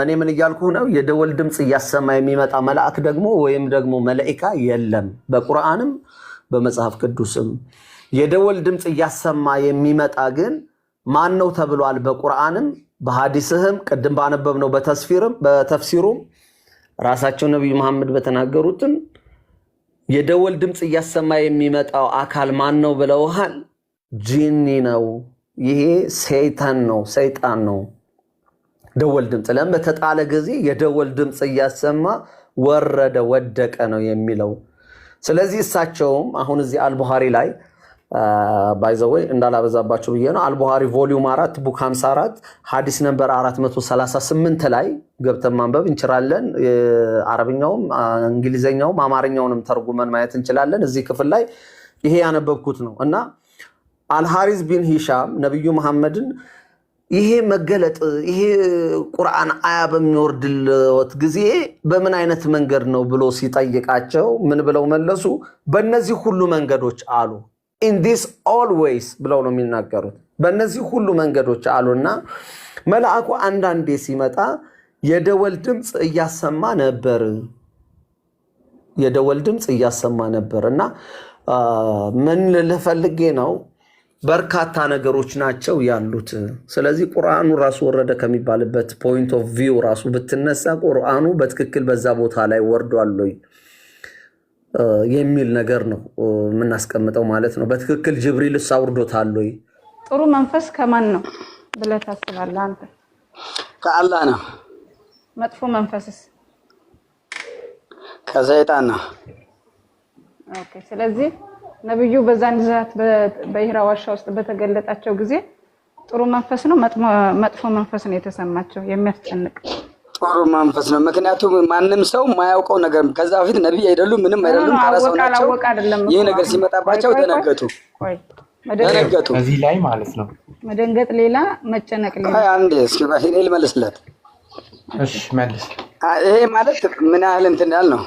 እኔ ምን እያልኩ ነው? የደወል ድምፅ እያሰማ የሚመጣ መልአክ ደግሞ ወይም ደግሞ መላኢካ የለም። በቁርአንም በመጽሐፍ ቅዱስም የደወል ድምፅ እያሰማ የሚመጣ ግን ማን ነው ተብሏል? በቁርአንም በሐዲስህም ቅድም ባነበብነው በተስፊርም በተፍሲሩም ራሳቸው ነቢዩ መሐመድ በተናገሩትም የደወል ድምፅ እያሰማ የሚመጣው አካል ማን ነው ብለውሃል? ጂኒ ነው። ይሄ ሰይጣን ነው፣ ሰይጣን ነው። ደወል ድምፅ ለም በተጣለ ጊዜ የደወል ድምፅ እያሰማ ወረደ ወደቀ ነው የሚለው። ስለዚህ እሳቸውም አሁን እዚህ አልቡሃሪ ላይ ባይዘወይ እንዳላበዛባቸው ብዬ ነው። አልቡሃሪ ቮሊዩም አራት ቡክ 54 ሀዲስ ነምበር 438 ላይ ገብተን ማንበብ እንችላለን። አረብኛውም እንግሊዘኛውም አማርኛውንም ተርጉመን ማየት እንችላለን። እዚህ ክፍል ላይ ይሄ ያነበብኩት ነው እና አልሃሪዝ ቢን ሂሻም ነቢዩ መሐመድን ይሄ መገለጥ ይሄ ቁርአን አያ በሚወርድለት ጊዜ በምን አይነት መንገድ ነው ብሎ ሲጠይቃቸው ምን ብለው መለሱ? በእነዚህ ሁሉ መንገዶች አሉ። ኢን ዲስ ኦል ብለው ነው የሚናገሩት። በእነዚህ ሁሉ መንገዶች አሉና መልአኩ አንዳንዴ ሲመጣ የደወል ድምፅ እያሰማ ነበር፣ የደወል ድምፅ እያሰማ ነበር እና ምን ልፈልጌ ነው በርካታ ነገሮች ናቸው ያሉት። ስለዚህ ቁርአኑ ራሱ ወረደ ከሚባልበት ፖይንት ኦፍ ቪው ራሱ ብትነሳ ቁርአኑ በትክክል በዛ ቦታ ላይ ወርዷል የሚል ነገር ነው የምናስቀምጠው ማለት ነው። በትክክል ጅብሪል እሳ አውርዶታል። ጥሩ መንፈስ ከማን ነው ብለህ ታስባለህ አንተ? ከአላህ ነው። መጥፎ መንፈስስ ከሰይጣን ነው። ስለዚህ ነብዩ በዛን ሰዓት በሂራ ዋሻ ውስጥ በተገለጣቸው ጊዜ ጥሩ መንፈስ ነው መጥፎ መንፈስ ነው የተሰማቸው? የሚያስጨንቅ ጥሩ መንፈስ ነው። ምክንያቱም ማንም ሰው የማያውቀው ነገር ከዛ በፊት ነቢይ አይደሉም፣ ምንም አይደሉም፣ ተራሰው ናቸው። ይህ ነገር ሲመጣባቸው ደነገጡ፣ ደነገጡ። እዚህ ላይ ማለት ነው መደንገጥ ሌላ መጨነቅ ሌላ። አንዴ እስኪ ልመልስለት። እሺ መልስ። ይሄ ማለት ምን ያህል እንትን ያህል ነው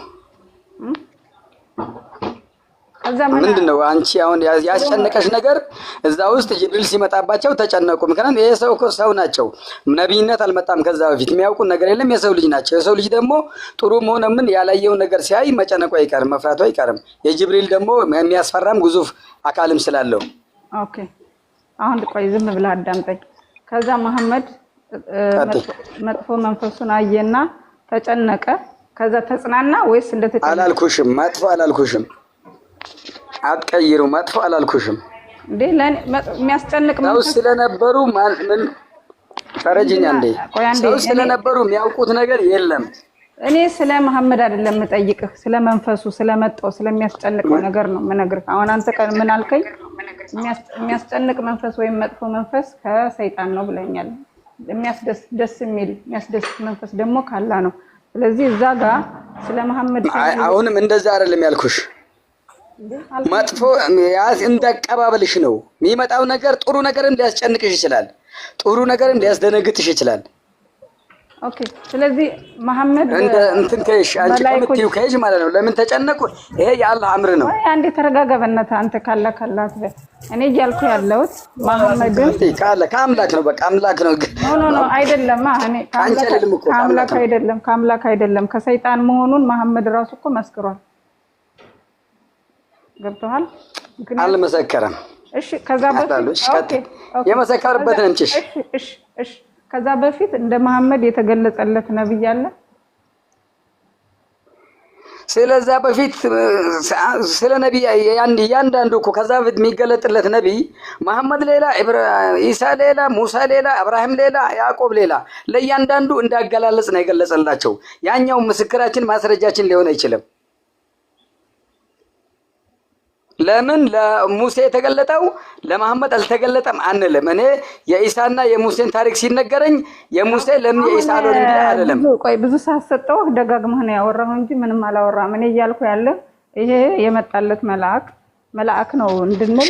ምንድን ነው አንቺ አሁን ያስጨነቀሽ ነገር? እዛ ውስጥ ጅብሪል ሲመጣባቸው ተጨነቁ። ምክንያቱም ይሄ ሰው ሰው ናቸው። ነቢይነት አልመጣም ከዛ በፊት የሚያውቁን ነገር የለም። የሰው ልጅ ናቸው። የሰው ልጅ ደግሞ ጥሩ መሆነ ምን ያላየውን ነገር ሲያይ መጨነቁ አይቀርም፣ መፍራቱ አይቀርም። የጅብሪል ደግሞ የሚያስፈራም ግዙፍ አካልም ስላለው ኦኬ። አሁን ቆይ ዝም ብለህ አዳምጠኝ። ከዛ መሐመድ መጥፎ መንፈሱን አየና ተጨነቀ። ከዛ ተጽናና ወይስ እንደተጨነቀ አላልኩሽም? መጥፎ አላልኩሽም አትቀይሩ። መጥፎ አላልኩሽም። የሚያስጨንቅ ነው ስለነበሩ ምን ፈረጅኛ እንዴ ሰው ስለነበሩ የሚያውቁት ነገር የለም። እኔ ስለ መሐመድ አይደለም የምጠይቅህ፣ ስለ መንፈሱ ስለመጣው ስለሚያስጨንቀው ነገር ነው የምነግርህ። አሁን አንተ ቀን ምን አልከኝ? የሚያስጨንቅ መንፈስ ወይም መጥፎ መንፈስ ከሰይጣን ነው ብለኛል። የሚያስደስ ደስ የሚል የሚያስደስት መንፈስ ደግሞ ካላ ነው። ስለዚህ እዛ ጋር ስለ መሐመድ አሁንም እንደዛ አይደለም ያልኩሽ መጥፎ እንደ አቀባበልሽ ነው የሚመጣው ነገር። ጥሩ ነገርም ሊያስጨንቅሽ ይችላል። ጥሩ ነገርም ሊያስደነግጥሽ ይችላል። ኦኬ። ስለዚህ መሐመድ እንደ እንትን ከይሽ አንቺ ከምትይው ከይሽ ማለት ነው። ለምን ተጨነቁ? ይሄ የአላህ አምር ነው። አይ አንዴ ተረጋጋበነት በእናትህ አንተ። ካላ ካላ እኔ እያልኩ ያለሁት መሐመድን ካለ ከአምላክ ነው። በቃ አምላክ ነው። ኖ ኖ ኖ አይደለም። እኔ ከአምላክ አይደለም፣ ከአምላክ አይደለም፣ ከሰይጣን መሆኑን መሐመድ ራሱ እኮ መስክሯል። ገብቶሃል? አልመሰከረም። እሺ፣ ከዛ በፊት የመሰከርበት ነው። እሺ፣ እሺ። ከዛ በፊት እንደ መሐመድ የተገለጸለት ነብይ አለ። ስለዛ በፊት ስለ ነቢይ እያንዳንዱ እኮ ከዛ በፊት የሚገለጥለት ነቢይ መሐመድ ሌላ፣ ኢሳ ሌላ፣ ሙሳ ሌላ፣ አብርሃም ሌላ፣ ያዕቆብ ሌላ፣ ለእያንዳንዱ እንዳገላለጽ ነው የገለጸላቸው። ያኛው ምስክራችን ማስረጃችን ሊሆን አይችልም። ለምን ለሙሴ የተገለጠው ለመሐመድ አልተገለጠም አንልም። እኔ የኢሳና የሙሴን ታሪክ ሲነገረኝ የሙሴ ለምን የኢሳ ሎ እንዲ ቆይ ብዙ ሳሰጠው ደጋግመህ ነው ያወራሁ እንጂ ምንም አላወራም። እኔ እያልኩ ያለ ይሄ የመጣለት መልአክ መልአክ ነው እንድንል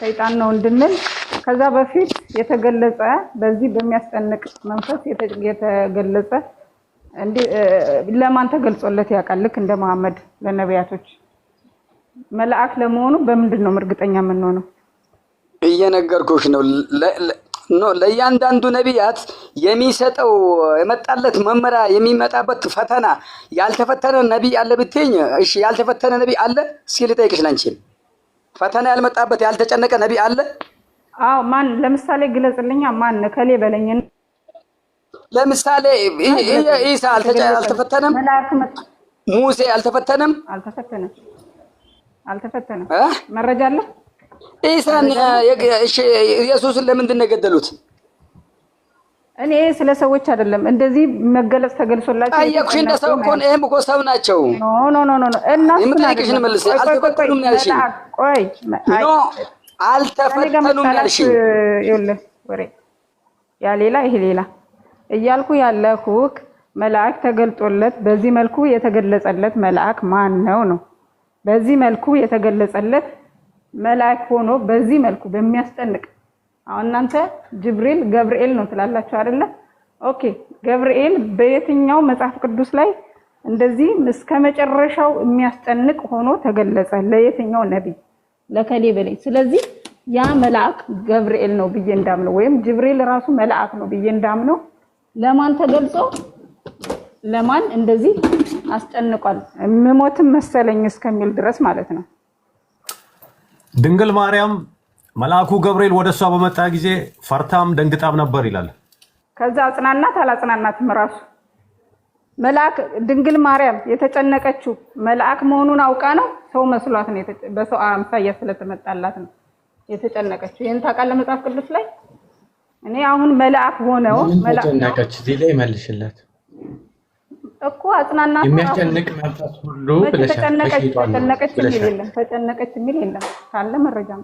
ሰይጣን ነው እንድንል ከዛ በፊት የተገለጸ በዚህ በሚያስጠንቅ መንፈስ የተገለጸ ለማን ተገልጾለት ያውቃል? ልክ እንደ መሐመድ ለነቢያቶች መልአክ ለመሆኑ በምንድን ነው እርግጠኛ የምንሆነው? እየነገርኩሽ ነው። ለእያንዳንዱ ነቢያት የሚሰጠው የመጣለት መመሪያ የሚመጣበት ፈተና ያልተፈተነ ነቢ አለ ብትኝ፣ እሺ ያልተፈተነ ነቢ አለ ሲል ጠይቅሽ። ለአንቺም ፈተና ያልመጣበት ያልተጨነቀ ነቢ አለ? አዎ። ማን ለምሳሌ ግለጽልኛ። ማን ከሌ በለኝ። ለምሳሌ ኢሳ አልተፈተነም? ሙሴ አልተፈተነም? አልተፈተነም። አልተፈተነም። መረጃ አለ። ኢሳን ኢየሱስን ለምንድን ነው የገደሉት? እኔ ስለ ሰዎች አይደለም እንደዚህ መገለጽ ተገልጾላቸው ጠየቅሽ። እንደ ሰው እኮ ይህም እኮ ሰው ናቸው። የምጠይቅሽን መልስ። አልተፈተኑም አልተፈተኑም ያልሽኝ ወሬ ያ ሌላ ይሄ ሌላ እያልኩ መልአክ ተገልጦለት በዚህ መልኩ የተገለጸለት መልአክ ማን ነው ነው በዚህ መልኩ የተገለጸለት መልአክ ሆኖ በዚህ መልኩ በሚያስጠንቅ አሁን እናንተ ጅብሪል ገብርኤል ነው ትላላችሁ አይደለ? ኦኬ ገብርኤል በየትኛው መጽሐፍ ቅዱስ ላይ እንደዚህ እስከ መጨረሻው የሚያስጨንቅ ሆኖ ተገለጸ? ለየትኛው ነቢይ ለከሌ ስለዚህ ያ መልአክ ገብርኤል ነው ብዬ እንዳምነው ወይም ጅብሪል ራሱ መልአክ ነው ብዬ እንዳምነው ለማን ተገልጾ ለማን እንደዚህ አስጨንቋል ምሞትም መሰለኝ እስከሚል ድረስ ማለት ነው። ድንግል ማርያም መልአኩ ገብርኤል ወደ እሷ በመጣ ጊዜ ፈርታም ደንግጣም ነበር ይላል። ከዛ አጽናናት አላጽናናትም ራሱ መልአክ ድንግል ማርያም የተጨነቀችው መልአክ መሆኑን አውቃ ነው። ሰው መስሏት ነው፣ በሰው አምሳያ ስለተመጣላት ነው የተጨነቀችው። ይህን ታውቃለህ መጽሐፍ ቅዱስ ላይ እኔ አሁን መልአክ ሆነው ተጨነቀች። እዚህ ላይ መልሽላት እኮ አጽናና የሚያስጨንቅ መንፈስ ሁሉ ተጨነቀች የሚል የለም። ተጨነቀች የሚል የለም። ካለ መረጃም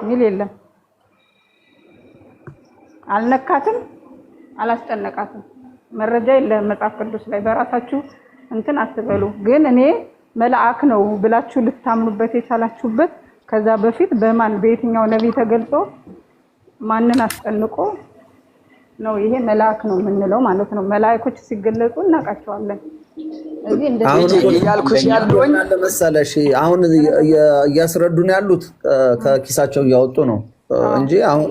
የሚል የለም። አልነካትም፣ አላስጨነቃትም። መረጃ የለም መጽሐፍ ቅዱስ ላይ። በራሳችሁ እንትን አትበሉ። ግን እኔ መልአክ ነው ብላችሁ ልታምኑበት የቻላችሁበት ከዛ በፊት በማን በየትኛው ነቢይ ተገልጾ ማንን አስጨንቆ ነው። ይሄ መልአክ ነው የምንለው ማለት ነው። መልአኮች ሲገለጹ እናውቃቸዋለን። መሰለሽ አሁን እያስረዱን ያሉት ከኪሳቸው እያወጡ ነው እንጂ አሁን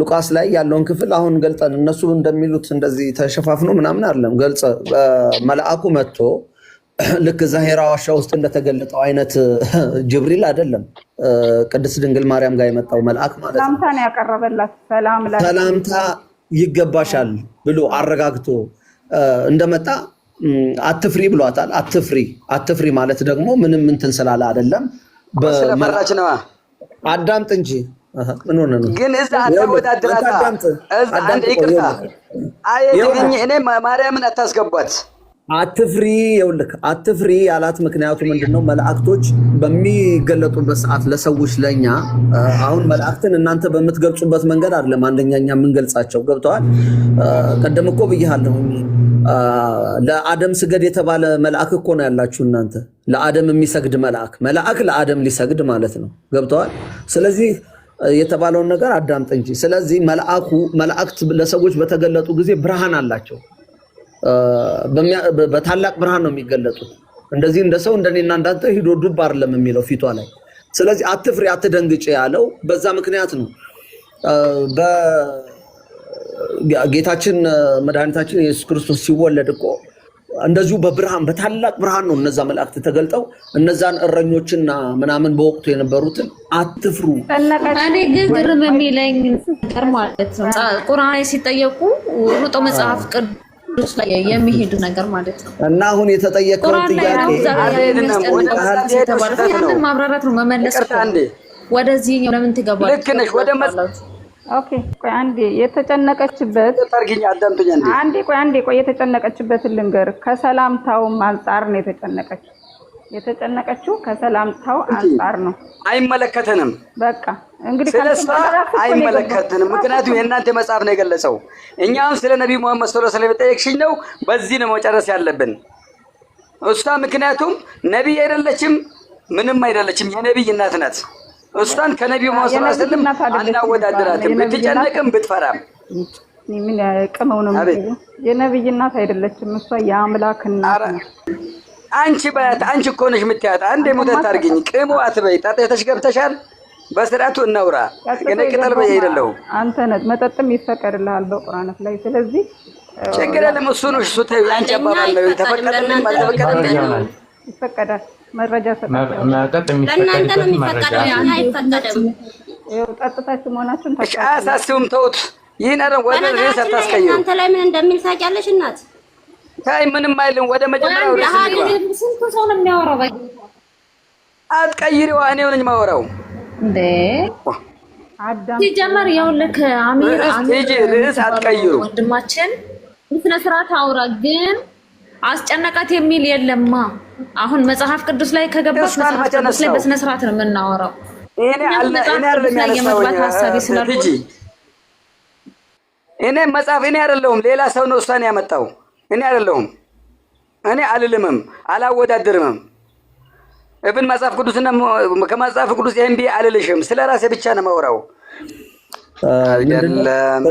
ሉቃስ ላይ ያለውን ክፍል አሁን ገልጠን እነሱ እንደሚሉት እንደዚህ ተሸፋፍኖ ምናምን አይደለም። ገልጸ መልአኩ መጥቶ ልክ ዛሄራ ዋሻ ውስጥ እንደተገለጠው አይነት ጅብሪል አይደለም። ቅድስት ድንግል ማርያም ጋር የመጣው መልአክ ማለት ነው። ሰላምታን ያቀረበላት ሰላምታ ይገባሻል ብሎ አረጋግቶ እንደመጣ አትፍሪ ብሏታል። አትፍሪ አትፍሪ ማለት ደግሞ ምንም እንትን ስላለ አይደለም። ስለፈራች ነዋ። አዳምጥ እንጂ ምን ሆነ ነው ግን እዛ አታወዳድራታ። እዛ አንድ ይቅርታ፣ አየ አይ እኔ ማርያምን አታስገቧት አትፍሪ ይኸውልህ፣ አትፍሪ ያላት ምክንያቱ ምንድነው? መላእክቶች በሚገለጡበት ሰዓት ለሰዎች ለኛ አሁን መላእክትን እናንተ በምትገልጹበት መንገድ አይደለም አንደኛ እኛ የምንገልጻቸው ገብተዋል። ቀደም እኮ ብያለሁ። ለአደም ስገድ የተባለ መልአክ እኮ ነው ያላችሁ እናንተ። ለአደም የሚሰግድ መልአክ መልአክ ለአደም ሊሰግድ ማለት ነው። ገብተዋል። ስለዚህ የተባለውን ነገር አዳምጥ እንጂ። ስለዚህ መልአኩ መላእክት ለሰዎች በተገለጡ ጊዜ ብርሃን አላቸው በታላቅ ብርሃን ነው የሚገለጡት። እንደዚህ እንደ ሰው እንደኔና እንዳንተ ሂዶ ዱብ አይደለም የሚለው ፊቷ ላይ። ስለዚህ አትፍሪ አትደንግጭ ያለው በዛ ምክንያት ነው። ጌታችን መድኃኒታችን ኢየሱስ ክርስቶስ ሲወለድ እኮ እንደዚሁ በብርሃን በታላቅ ብርሃን ነው እነዛ መላእክት ተገልጠው እነዛን እረኞችና ምናምን በወቅቱ የነበሩትን አትፍሩ። እኔ ግን ግርም የሚለኝ ነገር ማለት ነው ቁርአን ሲጠየቁ ሩጦ መጽሐፍ ቅዱስ ነገሮች ላይ ነገር ማለት ነው። እና አሁን ጥያቄ ማብራራት ነው መመለስ። ወደዚህኛው ለምን ትገባለህ? ቆይ አንዴ የተጨነቀችበት አንዴ ቆይ አንዴ ቆይ የተጨነቀችበትን ልንገር። ከሰላምታውም አንጻር ነው የተጨነቀችው። የተጨነቀችው ከሰላምታው አንጻር ነው። አይመለከተንም በቃ ስለ እሷ አይመለከትንም። ምክንያቱም የእናንተ መጽሐፍ ነው የገለጸው። እኛም ስለ ነቢዩ ሙሐመድ ስለ ስለሚጠየቅሽኝ ነው። በዚህ ነው መጨረስ ያለብን። እሷ ምክንያቱም ነቢይ አይደለችም፣ ምንም አይደለችም። የነቢይ እናት ናት። እሷን ከነቢዩ ሙሐመድ ስለም አናወዳድራትም። ብትጨነቅም ብትፈራም ምን ቅመው ነው የነቢይ እናት አይደለችም። እሷ የአምላክ እናት አንቺ በያት። አንቺ እኮ ነሽ የምትያት። አንዴ ሙተት አድርግኝ ቅሙ አትበይ። ጣጣ ተሽገብተሻል በስርዓቱ እናውራ። ግን ቅጠል በይ አይደለሁም። አንተ ነህ መጠጥም ይፈቀድልሃል በቁርአናት ላይ። ስለዚህ ችግር የለም። እሱ ነው እሱ ተይው። አንቺ አባባል ነው ተፈቀደልኝ አልተፈቀደልኝ ይፈቀዳል። መረጃ ሰጣለሁ። ለእናንተ ነው የሚፈቀደው፣ አይፈቀድም። ይኸው ጠጥታችሁ መሆናችሁን አሳስቡም። ተውት። ይህን አረ ወደ ሬስ አታስቀይሩ። እናንተ ላይ ምን እንደሚል ታውቂያለሽ እናት? ታይ ምንም አይልም። ወደ መጀመሪያው ሬስ ስንቱ ሰው ነው የሚያወራው? አትቀይሪዋ። እኔ ሆነኝ ማወራው እንደ ሲጀመር ይኸውልህ አሚር ርዕስ አትቀይሩ። ወንድማችን ስነ ስርዓት አውራ ግን አስጨነቃት የሚል የለማ። አሁን መጽሐፍ ቅዱስ ላይ ከገባች መጽሐፍ ቅዱስ ላይ በስነ ስርዓት ነው የምናወራው። እኔ መጽሐፍ እኔ አይደለሁም ሌላ ሰው ነው እሷን ያመጣው። እኔ አይደለሁም። እኔ አልልምም፣ አላወዳድርምም እብን መጽሐፍ ቅዱስና ከመጽሐፍ ቅዱስ ኤምቢ አልልሽም። ስለ ራሴ ብቻ ነው የማወራው። አይደለም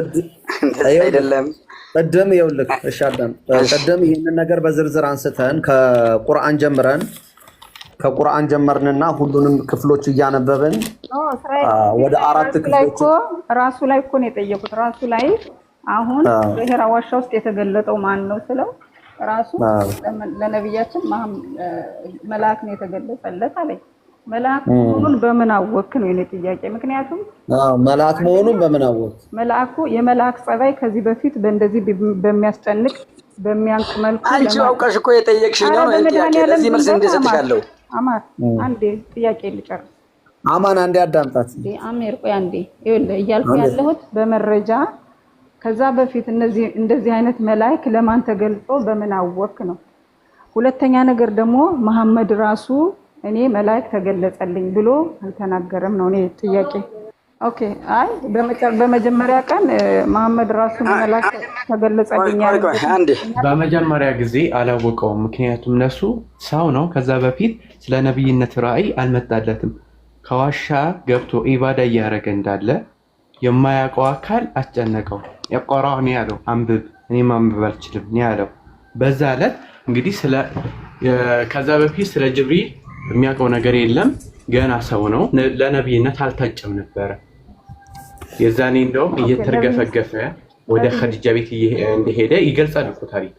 አይደለም። ቅድም ይኸውልህ፣ እሺ አዳም፣ ቅድም ይህንን ነገር በዝርዝር አንስተን ከቁርአን ጀምረን ከቁርአን ጀመርንና ሁሉንም ክፍሎች እያነበብን ወደ አራት ክፍሎች ራሱ ላይ እኮ ነው የጠየቁት። ራሱ ላይ አሁን በሄራ ዋሻ ውስጥ የተገለጠው ማን ነው ስለው ራሱ ለነቢያችን መልአክ ነው የተገለጸለት አለኝ። መልአክ መሆኑን በምን አወክ ነው የኔ ጥያቄ። ምክንያቱም መልአክ መሆኑን በምን አወክ? መልአኩ የመልአክ ጸባይ ከዚህ በፊት በእንደዚህ በሚያስጨንቅ በሚያንቅ መልኩ አንቺ አውቀሽ እኮ የጠየቅሽኝ ነው። ለዚህ መልስ እንደሰጥሻለሁ። አማን አንዴ ጥያቄ ልጨርስ። አማን አንዴ አዳምጣት። አሜር ቆይ አንዴ እያልኩ ያለሁት በመረጃ ከዛ በፊት እንደዚህ አይነት መላእክ ለማን ተገልጾ በምን አወክ ነው። ሁለተኛ ነገር ደግሞ መሐመድ ራሱ እኔ መላእክ ተገለጸልኝ ብሎ አልተናገረም ነው እኔ ጥያቄ። ኦኬ አይ በመጀመሪያ ቀን መሐመድ ራሱ መላእክ ተገለጸልኝ በመጀመሪያ ጊዜ አላወቀውም። ምክንያቱም ነሱ ሰው ነው። ከዛ በፊት ስለ ነብይነት ራእይ አልመጣለትም። ከዋሻ ገብቶ ኢባዳ እያደረገ እንዳለ የማያውቀው አካል አስጨነቀው። የቆራው ነው ያለው። አንብብ እኔ ማንበብ አልችልም ነው ያለው። በዛ ዕለት እንግዲህ ስለ ከዛ በፊት ስለ ጅብሪል የሚያውቀው ነገር የለም። ገና ሰው ነው። ለነቢይነት አልታጨም ነበረ። የዛኔ እንደውም እየተርገፈገፈ ወደ ኸዲጃ ቤት እንደሄደ ይገልጻል እኮ ታሪክ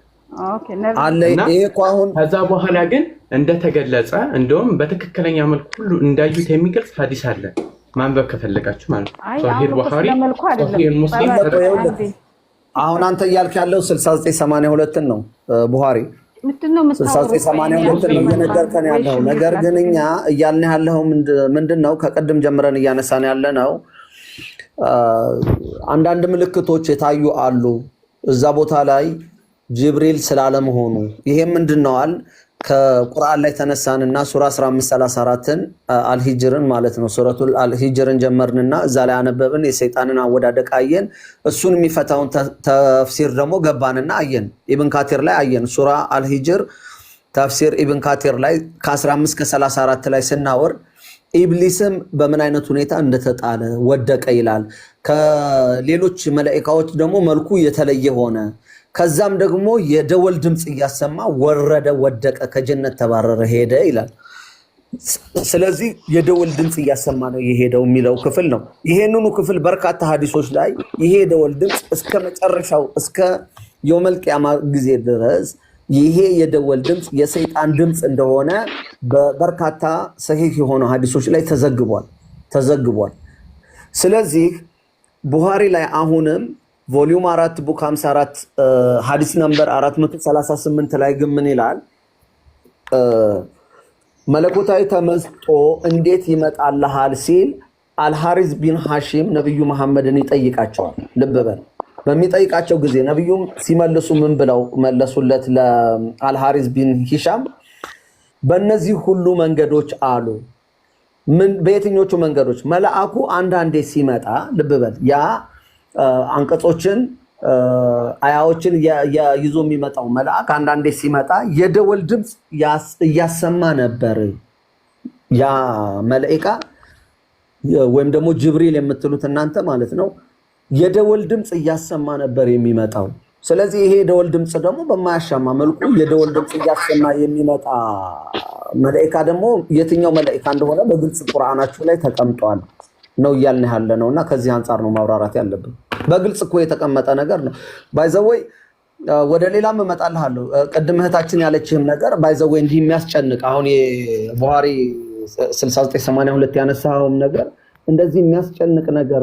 ከዛ በኋላ ግን እንደተገለጸ እንደውም በትክክለኛ መልኩ ሁሉ እንዳዩት የሚገልጽ ሀዲስ አለ። ማንበብ ከፈለጋችሁ ማለት ነው። አሁን አንተ እያልክ ያለው 6982 ነው ቡኻሪ እየነገርከን ያለው። ነገር ግን እኛ እያልን ያለው ምንድን ነው? ከቅድም ጀምረን እያነሳን ያለ ነው። አንዳንድ ምልክቶች የታዩ አሉ እዛ ቦታ ላይ ጅብሪል ስላለመሆኑ ይሄም ምንድን ነዋል ከቁርአን ላይ ተነሳንና ሱራ 1534ን አልሂጅርን ማለት ነው ሱረቱል አልሂጅርን ጀመርንና እዛ ላይ አነበብን። የሰይጣንን አወዳደቅ አየን። እሱን የሚፈታውን ተፍሲር ደግሞ ገባንና አየን። ኢብን ካቲር ላይ አየን። ሱራ አልሂጅር ተፍሲር ኢብን ካቲር ላይ ከ15 ከ34 ላይ ስናወርድ ኢብሊስም በምን አይነት ሁኔታ እንደተጣለ ወደቀ ይላል። ከሌሎች መላኢካዎች ደግሞ መልኩ የተለየ ሆነ ከዛም ደግሞ የደወል ድምፅ እያሰማ ወረደ፣ ወደቀ፣ ከጀነት ተባረረ፣ ሄደ ይላል። ስለዚህ የደወል ድምፅ እያሰማ ነው የሄደው የሚለው ክፍል ነው። ይሄንኑ ክፍል በርካታ ሀዲሶች ላይ ይሄ የደወል ድምፅ እስከ መጨረሻው እስከ የመልቅያማ ጊዜ ድረስ ይሄ የደወል ድምፅ የሰይጣን ድምፅ እንደሆነ በበርካታ ሰሂህ የሆኑ ሀዲሶች ላይ ተዘግቧል ተዘግቧል። ስለዚህ ቡሃሪ ላይ አሁንም ቮሊዩም አራት ቡክ 54 ሀዲስ ነምበር 438 ላይ ግን ምን ይላል? መለኮታዊ ተመስጦ እንዴት ይመጣልሃል ሲል አልሐሪዝ ቢን ሐሺም ነቢዩ መሐመድን ይጠይቃቸዋል። ልብ በል። በሚጠይቃቸው ጊዜ ነቢዩም ሲመልሱ ምን ብለው መለሱለት? ለአልሐሪዝ ቢን ሂሻም በእነዚህ ሁሉ መንገዶች አሉ። በየትኞቹ መንገዶች? መልአኩ አንዳንዴ ሲመጣ ልብ በል ያ አንቀጾችን አያዎችን ይዞ የሚመጣው መልአክ አንዳንዴ ሲመጣ የደወል ድምፅ እያሰማ ነበር። ያ መልእቃ ወይም ደግሞ ጅብሪል የምትሉት እናንተ ማለት ነው። የደወል ድምፅ እያሰማ ነበር የሚመጣው። ስለዚህ ይሄ የደወል ድምፅ ደግሞ በማያሻማ መልኩ የደወል ድምፅ እያሰማ የሚመጣ መልእካ ደግሞ የትኛው መልእካ እንደሆነ በግልጽ ቁርአናችሁ ላይ ተቀምጧል። ነው እያልን ያለ ነው። እና ከዚህ አንጻር ነው ማብራራት ያለብን። በግልጽ እኮ የተቀመጠ ነገር ነው። ባይዘወይ ወደ ሌላም እመጣልሃለሁ። ቅድም እህታችን ያለችህም ነገር ባይዘወይ እንዲህ የሚያስጨንቅ አሁን የቡሃሪ 6982 ያነሳውም ነገር እንደዚህ የሚያስጨንቅ ነገር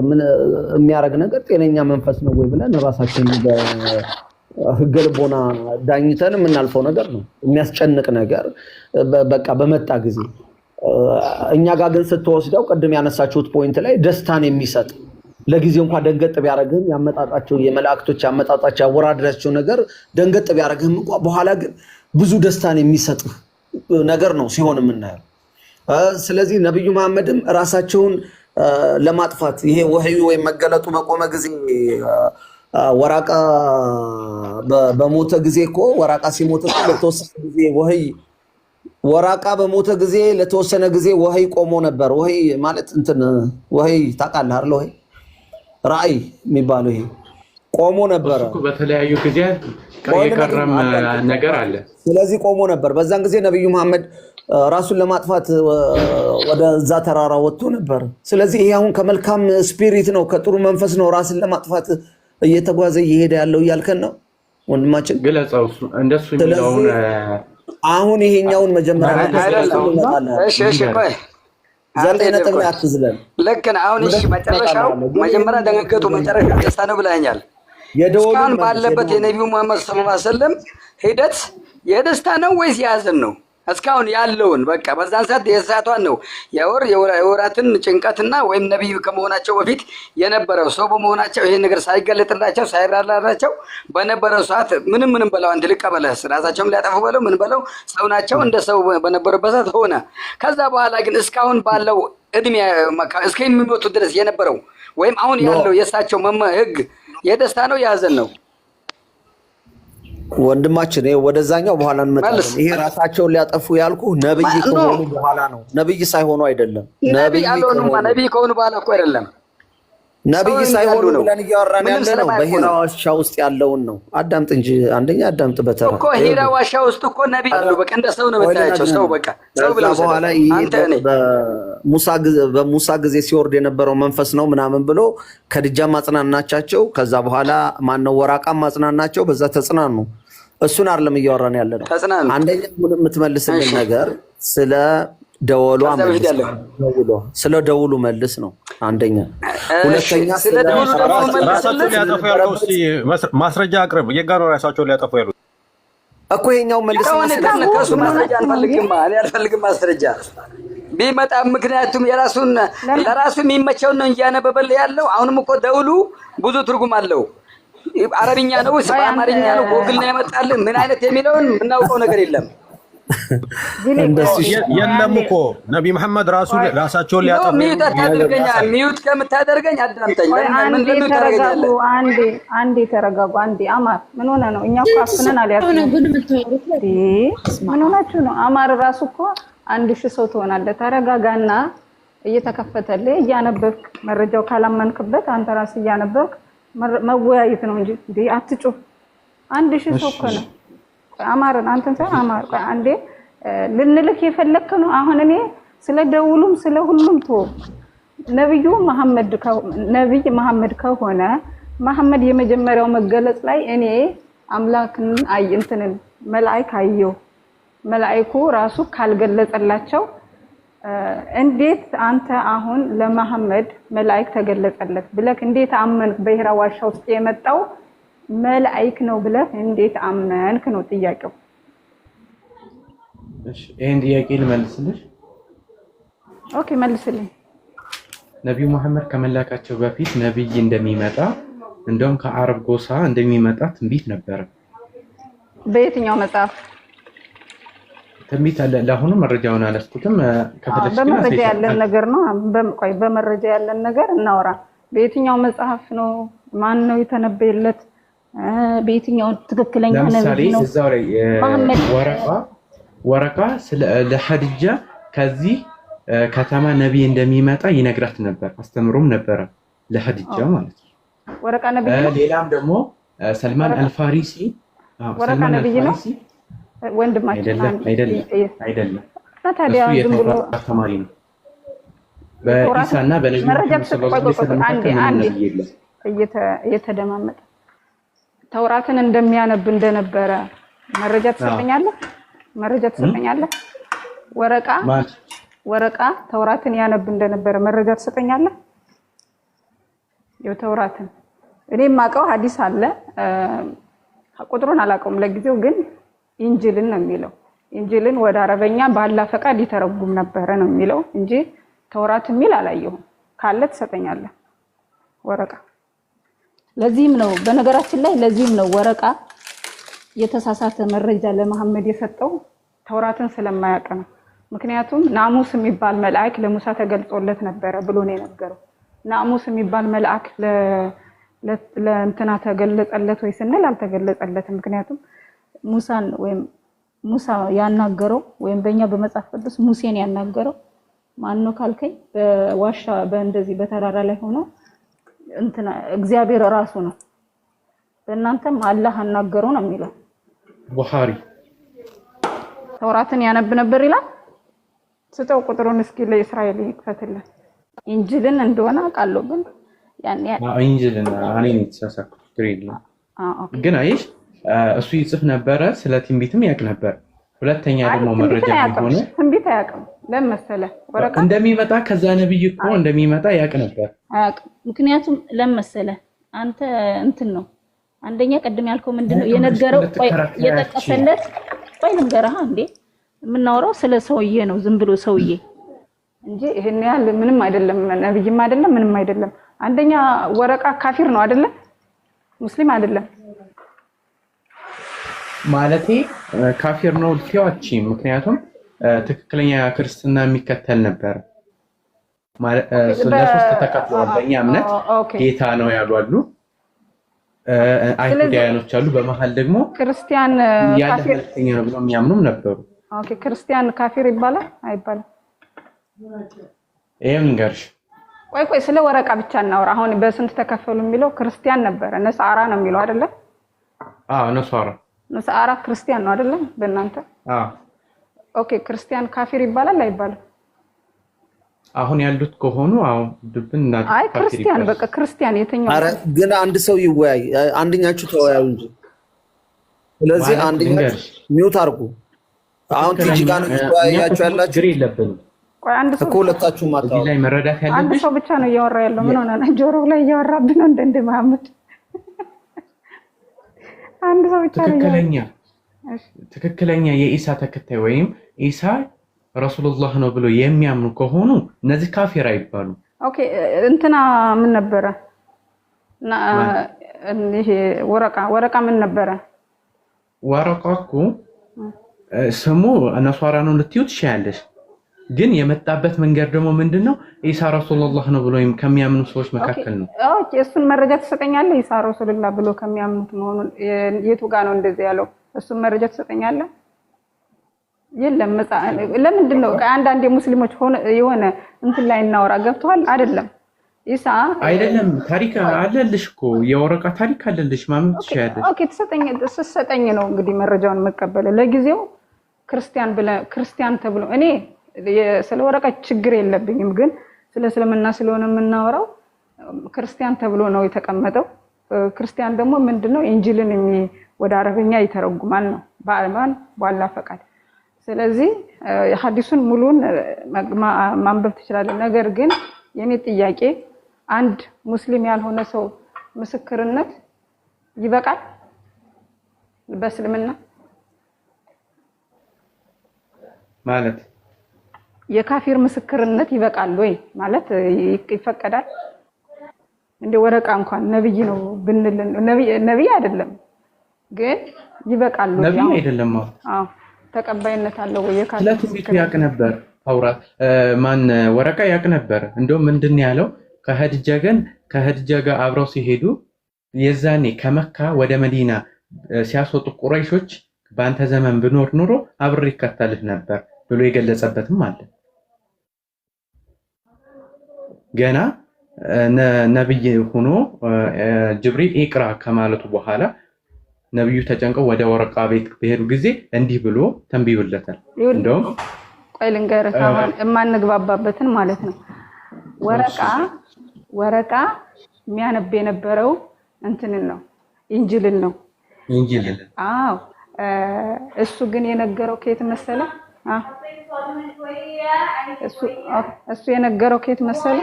የሚያደርግ ነገር ጤነኛ መንፈስ ነው ወይ ብለን ራሳችን ህገ ልቦና ዳኝተን የምናልፈው ነገር ነው። የሚያስጨንቅ ነገር በቃ በመጣ ጊዜ እኛ ጋር ግን ስትወስደው ቅድም ያነሳችሁት ፖይንት ላይ ደስታን የሚሰጥ ለጊዜ እንኳ ደንገጥ ቢያደርግህም ያመጣጣቸው የመላእክቶች ያመጣጣቸው ያወራደዳቸው ነገር ደንገጥ ቢያደርግህም እንኳ በኋላ ግን ብዙ ደስታን የሚሰጥ ነገር ነው ሲሆን የምናየው። ስለዚህ ነቢዩ መሐመድም ራሳቸውን ለማጥፋት ይሄ ወህዩ ወይም መገለጡ በቆመ ጊዜ ወራቃ በሞተ ጊዜ እኮ ወራቃ ሲሞተ ለተወሰነ ጊዜ ወህይ ወራቃ በሞተ ጊዜ ለተወሰነ ጊዜ ወህይ ቆሞ ነበር። ወህይ ማለት እንትን ወህይ ታውቃለህ አይደል? ወህይ ራእይ የሚባለው ይሄ ቆሞ ነበረ። በተለያዩ ጊዜ የቀረም ነገር አለ። ስለዚህ ቆሞ ነበር። በዛን ጊዜ ነቢዩ መሐመድ ራሱን ለማጥፋት ወደዛ ተራራ ወጥቶ ነበር። ስለዚህ ይሄ አሁን ከመልካም ስፒሪት ነው፣ ከጥሩ መንፈስ ነው ራስን ለማጥፋት እየተጓዘ እየሄደ ያለው እያልከን ነው ወንድማችን፣ ግለጸው እንደሱ የሚለውን አሁን ይሄኛውን መጀመሪያ ዘጠኝ አሁን እሺ፣ መጨረሻው መጀመሪያ ደንገገጡ፣ መጨረሻ ደስታ ነው ብለኛል። እስካሁን ባለበት የነቢዩ መሐመድ ሰለላሁ ዐለይሂ ወሰለም ሂደት የደስታ ነው ወይስ የሀዘን ነው? እስካሁን ያለውን በቃ በዛን ሰዓት የእሳቷን ነው የወር የወራትን ጭንቀትና ወይም ነቢይ ከመሆናቸው በፊት የነበረው ሰው በመሆናቸው ይሄን ነገር ሳይገለጥላቸው ሳይራላላቸው በነበረው ሰዓት ምንም ምንም በለው አንድ ልቀበለስ ራሳቸውም ሊያጠፉ በለው ምን በለው ሰው ናቸው እንደ ሰው በነበሩበት ሰዓት ሆነ። ከዛ በኋላ ግን እስካሁን ባለው እድሜ እስከሚሞቱ ድረስ የነበረው ወይም አሁን ያለው የእሳቸው ህግ የደስታ ነው የሀዘን ነው? ወንድማችን ወደዛኛው በኋላ እንመጣለን። ይሄ ራሳቸውን ሊያጠፉ ያልኩ ነብይ ከሆኑ በኋላ ነው። ነብይ ሳይሆኑ አይደለም። ነብይ ከሆኑ በኋላ እኮ አይደለም ነብይ ሳይሆኑ ብለን እያወራን ያለ ነው። በሄራ ዋሻ ውስጥ ያለውን ነው። አዳምጥ እንጂ አንደኛ አዳምጥ። በተራ እኮ ሄራ ዋሻ ውስጥ እኮ ነብይ አሉ። በቃ እንደ ሰው ነው የምታያቸው። ሰው በቃ ሰው ብለው በኋላ በሙሳ ጊዜ ሲወርድ የነበረው መንፈስ ነው ምናምን ብሎ ከድጃ ማጽናናቻቸው፣ ከዛ በኋላ ማነው ወራቃ ማጽናናቸው፣ በዛ ተጽናኑ። እሱን አይደለም እያወራን ያለ ነው። አንደኛ የምትመልስልን ነገር ስለ ደወሉ ስለ ደውሉ መልስ ነው። አንደኛ ማስረጃ አቅርብ። የት ጋር ነው ራሳቸውን ሊያጠፉ ያሉት? እኮ ይኸኛው መልስ አልፈልግም ማስረጃ ቢመጣ ምክንያቱም የራሱን ለራሱ የሚመቸውን ነው እያነበበል ያለው። አሁንም እኮ ደውሉ ብዙ ትርጉም አለው። አረብኛ ነው፣ አማርኛ ነው፣ ጎግል ነው ያመጣልን። ምን አይነት የሚለውን የምናውቀው ነገር የለም። የለም እኮ ነቢ መሐመድ ራሱ ራሳቸውን ሊያጠፉ ሚዩት ከምታደርገኝ አዳምጠኝ። አንዴ ተረጋጉ። አንዴ አማር ምን ሆነ ነው? እኛ እኮ አፍነን አልያዝን። ምን ሆናችሁ ነው? አማር ራሱ እኮ አንድ ሺህ ሰው ትሆናለህ። ተረጋጋና እየተከፈተልህ እያነበብክ መረጃው ካላመንክበት አንተ ራስህ እያነበብክ መወያየት ነው እንጂ አትጩህ። አንድ ሺህ ሰው እኮ ነው አማርን አንተን ሳይሆን አማር አንዴ ልንልክ የፈለክ ነው። አሁን እኔ ስለ ደውሉም ስለ ሁሉም ቶ ነብዩ መሐመድ ነብይ መሐመድ ከሆነ መሐመድ የመጀመሪያው መገለጽ ላይ እኔ አምላክን አይ እንትንን መላእክ አየሁ። መላእኩ ራሱ ካልገለጸላቸው እንዴት አንተ አሁን ለመሐመድ መላእክ ተገለጸለት ብለክ እንዴት አመንክ? በሂራ ዋሻ ውስጥ የመጣው መላእክ ነው ብለህ እንዴት አመንክ ነው ጥያቄው። እሺ ይሄን ጥያቄ ልመልስልሽ። ኦኬ መልስልኝ። ነቢዩ መሐመድ ከመላካቸው በፊት ነቢይ እንደሚመጣ እንደውም ከአረብ ጎሳ እንደሚመጣ ትንቢት ነበረ። በየትኛው መጽሐፍ ትንቢት አለ? ለአሁኑ መረጃውን አላስኩትም። ከፈለግሽ በመረጃ ያለን ነገር ነው። ቆይ በመረጃ ያለን ነገር እናወራ። በየትኛው መጽሐፍ ነው? ማን ነው የተነበየለት? በየትኛውን ትክክለኛ ነው? እዛው ላይ ወረቃ ወረቃ ለሀድጃ ከዚህ ከተማ ነቢይ እንደሚመጣ ይነግራት ነበር፣ አስተምሮም ነበረ ለሀድጃ ማለት ነው። ወረቃ ነቢይ ነው። ሌላም ደግሞ ሰልማን አልፋሪሲ ወረቃ ነቢይ ነው። ወንድማችን አይደለም፣ አይደለም። ታዲያ ዝም ብሎ ነው። በኢሳና በነብዩ ሰለላሁ ዐለይሂ ወሰለም እየተደማመጠ ተውራትን እንደሚያነብ እንደነበረ መረጃ ትሰጠኛለህ? መረጃ ትሰጠኛለህ? ወረቃ ወረቃ ተውራትን ያነብ እንደነበረ መረጃ ትሰጠኛለህ? ተውራትን እኔም የማውቀው ሐዲስ አለ ቁጥሩን አላውቀውም ለጊዜው ግን ኢንጅልን ነው የሚለው። ኢንጅልን ወደ አረበኛ ባላ ፈቃድ ይተረጉም ነበረ ነው የሚለው እንጂ ተውራት የሚል አላየሁም። ካለ ትሰጠኛለህ ወረቃ ለዚህም ነው በነገራችን ላይ ለዚህም ነው ወረቃ የተሳሳተ መረጃ ለመሐመድ የሰጠው ተውራትን ስለማያውቅ ነው። ምክንያቱም ናሙስ የሚባል መልአክ ለሙሳ ተገልጾለት ነበረ ብሎ ነው የነገረው። ናሙስ የሚባል መልአክ ለእንትና ተገለጸለት ወይ ስንል አልተገለጸለትም። ምክንያቱም ሙሳን ወይም ሙሳ ያናገረው ወይም በእኛ በመጽሐፍ ቅዱስ ሙሴን ያናገረው ማን ነው ካልከኝ በዋሻ በእንደዚህ በተራራ ላይ ሆኖ እንትን እግዚአብሔር ራሱ ነው። በእናንተም አላህ አናገሩ ነው የሚለው ቡኻሪ። ተውራትን ያነብ ነበር ይላል። ስጠው ቁጥሩን እስኪ ለእስራኤል ይክፈትልን። እንጅልን እንደሆነ አውቃለሁ፣ ግን ያን ያን ኢንጅልን እኔ ግን አይሽ እሱ ይጽፍ ነበረ፣ ስለ ትንቢትም ያውቅ ነበር ሁለተኛ ደግሞ መረጃ ሆነ ትንቢት አያውቅም። ለምን መሰለህ ወረቀት እንደሚመጣ ከዛ ነብይ እኮ እንደሚመጣ ያውቅ ነበር። አያውቅም። ምክንያቱም ለምን መሰለህ አንተ እንትን ነው አንደኛ ቅድም ያልከው ምንድነው የነገረው የጠቀሰለት ቆይ ልንገርህ እንዴ የምናወራው ስለ ሰውዬ ነው። ዝም ብሎ ሰውዬ እንጂ ይሄን ያህል ምንም አይደለም። ነብይም አይደለም ምንም አይደለም። አንደኛ ወረቃ ካፊር ነው አይደለም ሙስሊም አይደለም። ማለቴ ካፊር ነው ልትይው ምክንያቱም ትክክለኛ ክርስትና የሚከተል ነበር። ለሶስት ተከፍሏል። በእኛ እምነት ጌታ ነው ያሉ አሉ፣ አይሁዳያኖች አሉ፣ በመሀል ደግሞ ክርስቲያን ያለ መልክተኛ ነው ብሎ የሚያምኑም ነበሩ። ክርስቲያን ካፊር ይባላል አይባልም? ይህም ንገርሽ። ቆይ ቆይ፣ ስለ ወረቃ ብቻ እናውራ። አሁን በስንት ተከፈሉ የሚለው ክርስቲያን ነበረ፣ ነሳራ ነው የሚለው አይደለም? ነሳራ አራት ክርስቲያን ነው አይደለም? በእናንተ ኦኬ። ክርስቲያን ካፊር ይባላል አይባልም? አሁን ያሉት ከሆኑ አሁን ድብን እና አይ ክርስቲያን በቃ ክርስቲያን የትኛው? ኧረ ግን አንድ ሰው ይወያይ፣ አንደኛችሁ ተወያዩ እንጂ። ስለዚህ አንደኛችሁ ሚውት አድርጉ። አሁን ቲጂ ጋር ነው ተወያያችሁ ያላችሁ እኮ ሁለታችሁም። አንድ ሰው ብቻ ነው እያወራ ያለው። ምን ሆነ? ጆሮ ላይ እያወራብን እንደ እንደ መሀመድ አንድ ሰው ብቻ ትክክለኛ ትክክለኛ የኢሳ ተከታይ ወይም ኢሳ ረሱሉላህ ነው ብሎ የሚያምኑ ከሆኑ እነዚህ ካፊር አይባሉ። ኦኬ እንትና ምን ነበረ? ይሄ ወረቃ ወረቃ ምን ነበረ? ወረቃ እኮ ስሙ ነሷራ ነው ልትዩ ትችያለሽ ግን የመጣበት መንገድ ደግሞ ምንድን ነው? ኢሳ ረሱልላህ ነው ብሎ ከሚያምኑ ሰዎች መካከል ነው። እሱን መረጃ ትሰጠኛለህ? ኢሳ ረሱልላ ብሎ ከሚያምኑት መሆኑን የቱ ጋ ነው እንደዚህ ያለው? እሱን መረጃ ትሰጠኛለህ? የለም። ለምንድን ነው አንዳንድ የሙስሊሞች የሆነ እንትን ላይ እናወራ ገብተዋል። አይደለም ይሳ አይደለም። ታሪክ አለልሽ እኮ የወረቃ ታሪክ አለልሽ። ማመን ትችያለሽ። ስትሰጠኝ ነው እንግዲህ መረጃውን መቀበል። ለጊዜው ክርስቲያን ብለህ ክርስቲያን ተብሎ እኔ ስለ ወረቀት ችግር የለብኝም፣ ግን ስለ እስልምና ስለሆነ የምናወራው ክርስቲያን ተብሎ ነው የተቀመጠው። ክርስቲያን ደግሞ ምንድነው ኢንጂልን ወደ አረበኛ ይተረጉማል ነው በአማን ባላ ፈቃድ። ስለዚህ ሀዲሱን ሙሉን ማንበብ ትችላለን። ነገር ግን የኔ ጥያቄ አንድ ሙስሊም ያልሆነ ሰው ምስክርነት ይበቃል በእስልምና ማለት የካፊር ምስክርነት ይበቃል ወይ ማለት ይፈቀዳል? እንደ ወረቃ እንኳን ነብይ ነው ብንል ነብይ አይደለም ግን ይበቃል ወይ? ነብይ አይደለም። አዎ ተቀባይነት አለው ወይ? የካፊር ምስክር ያቅ ነበር አውራት ማን ወረቃ ያቅ ነበር። እንደውም ምንድን ያለው ከሀዲጃ ገን ከሀዲጃ ጋር አብረው ሲሄዱ የዛኔ ከመካ ወደ መዲና ሲያስወጡ ቁረይሾች በአንተ ዘመን ብኖር ኑሮ አብሬ ይከተልህ ነበር ብሎ የገለጸበትም አለ። ገና ነብይ ሆኖ ጅብሪል ኢቅራ ከማለቱ በኋላ ነብዩ ተጨንቀው ወደ ወረቃ ቤት በሄዱ ጊዜ እንዲህ ብሎ ተንብዮለታል። እንደውም ቆይ ልንገርህ የማንግባባበትን ማለት ነው። ወረቃ ወረቃ የሚያነብ የነበረው እንትንን ነው ኢንጅልን ነው ኢንጅልን። አዎ እሱ ግን የነገረው ከየት መሰለ እሱ የነገረው ከየት መሰለ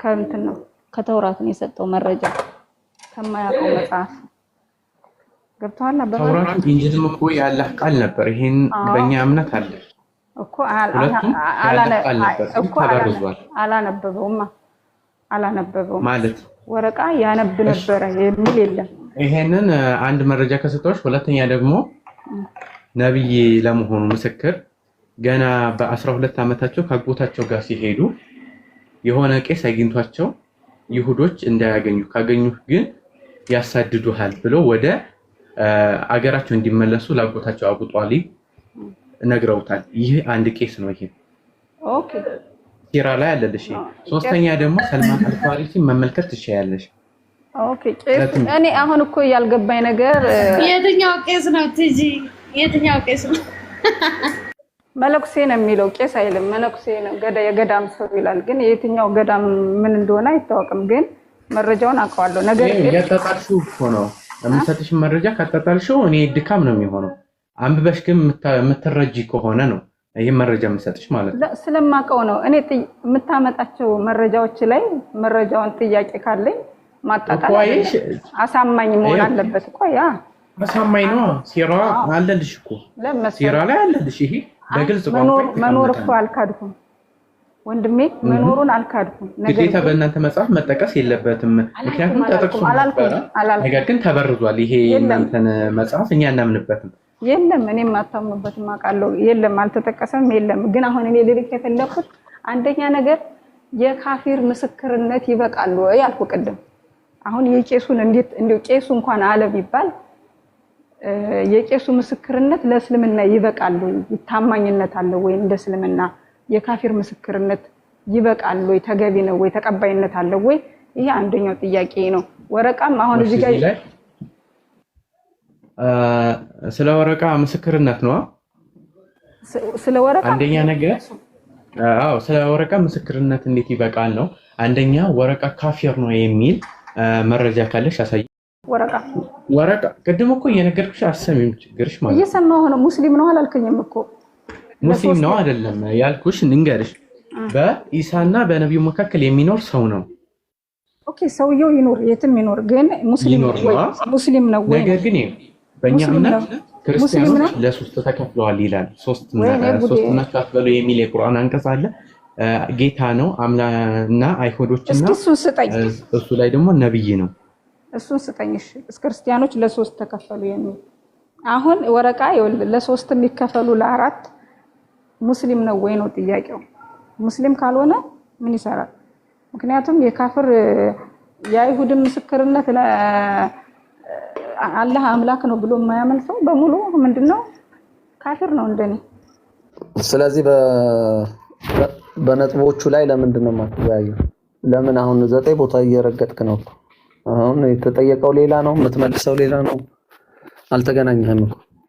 ከእንትን ነው ከተውራት ነው የሰጠው መረጃ ከማያውቀው መጽሐፍ ገብተዋል። ተውራት ኢንጂልም እኮ ያላህ ቃል ነበር። ይሄን በእኛ እምነት አለ እኮ አላነበበውማ አላነበበውም ማለት ወረቃ ያነብ ነበረ የሚል የለም። ይሄንን አንድ መረጃ ከሰጠዎች፣ ሁለተኛ ደግሞ ነብይ ለመሆኑ ምስክር ገና በአስራ ሁለት ዓመታቸው ከአጎታቸው ጋር ሲሄዱ የሆነ ቄስ አግኝቷቸው ይሁዶች እንዳያገኙ ካገኙ ግን ያሳድዱሃል ብሎ ወደ አገራቸው እንዲመለሱ ላጎታቸው አቡ ጧሊብ ነግረውታል። ይህ አንድ ቄስ ነው። ይሄ ሲራ ላይ አለልሽ። ሶስተኛ ደግሞ ሰልማን አልፋሪሲ መመልከት ትችያለሽ። ኦኬ ቄስ እኔ አሁን እኮ ያልገባኝ ነገር የትኛው ቄስ ነው ትጂ? የትኛው ቄስ ነው መለኩሴ ነው የሚለው ቄስ አይልም። መለኩሴ ነው የገዳም ሰው ይላል። ግን የትኛው ገዳም ምን እንደሆነ አይታወቅም። ግን መረጃውን አውቀዋለሁ። ነገር ግን ያጣጣልሽው እኮ ነው የምሰጥሽ መረጃ ካጣጣልሽው እኔ ድካም ነው የሚሆነው። አንብበሽ ግን የምትረጂ ከሆነ ነው ይህ መረጃ የምሰጥሽ ማለት ነው። ስለማውቀው ነው እኔ የምታመጣቸው መረጃዎች ላይ መረጃውን ጥያቄ ካለኝ ማጣጣል አሳማኝ መሆን አለበት እኮ ያ አሳማኝ ነው። ሲራ አለልሽ እኮ ሲራ ላይ አለልሽ ይሄ መኖር እኮ አልካድኩም ወንድሜ መኖሩን አልካድኩም። ግዴታ በእናንተ መጽሐፍ መጠቀስ የለበትም ምክንያቱም ተጠቅሶ ነገር ግን ተበርዟል። ይሄ የእናንተን መጽሐፍ እኛ እናምንበትም የለም እኔም አታምኑበትም አውቃለሁ። የለም አልተጠቀሰም። የለም ግን አሁን እኔ ልልክ የፈለኩት አንደኛ ነገር የካፊር ምስክርነት ይበቃል ወይ አልኩ ቅድም። አሁን የቄሱን እንዴት እንደው ቄሱ እንኳን አለ ቢባል የቄሱ ምስክርነት ለእስልምና ይበቃል ወይ? ታማኝነት አለው ወይ? እንደ እስልምና የካፊር ምስክርነት ይበቃል ወይ? ተገቢ ነው ወይ? ተቀባይነት አለው ወይ? ይሄ አንደኛው ጥያቄ ነው። ወረቃም አሁን እዚህ ጋር ስለ ወረቃ ምስክርነት ነው። ስለ ወረቃ አንደኛ ነገር አዎ፣ ስለ ወረቃ ምስክርነት እንዴት ይበቃል ነው። አንደኛ ወረቃ ካፊር ነው የሚል መረጃ ካለሽ ያሳይ ወረቃ ወረቃ ቅድም እኮ እየነገርኩሽ አሰሚም ችግርሽ ማለት እየሰማሁ ነው። ሙስሊም ነው አላልከኝም እኮ ሙስሊም ነው አይደለም ያልኩሽ፣ ንንገርሽ በኢሳና በነቢዩ መካከል የሚኖር ሰው ነው። ኦኬ ሰውየው ይኖር የትም ይኖር፣ ግን ሙስሊም ነው ወይ? ነገር ግን በእኛ እምነት ክርስቲያኖች ለሶስት ተከፍለዋል ይላል። ሶስት ናቸው አትበሉ የሚል የቁርአን አንቀጽ አለ። ጌታ ነው አምላና አይሁዶችና እሱ ላይ ደግሞ ነብይ ነው እሱን ስጠኝሽ ክርስቲያኖች ለሶስት ተከፈሉ የሚል አሁን ወረቃ ለሶስት የሚከፈሉ ለአራት ሙስሊም ነው ወይ ነው ጥያቄው። ሙስሊም ካልሆነ ምን ይሰራል? ምክንያቱም የካፍር የአይሁድን ምስክርነት አላህ አምላክ ነው ብሎ የማያምን ሰው በሙሉ ምንድነው ካፍር ነው እንደኔ። ስለዚህ በነጥቦቹ ላይ ለምንድን ነው የማትወያየው? ለምን አሁን ዘጠኝ ቦታ እየረገጥክ ነው? አሁን የተጠየቀው ሌላ ነው፣ የምትመልሰው ሌላ ነው። አልተገናኘህም እኮ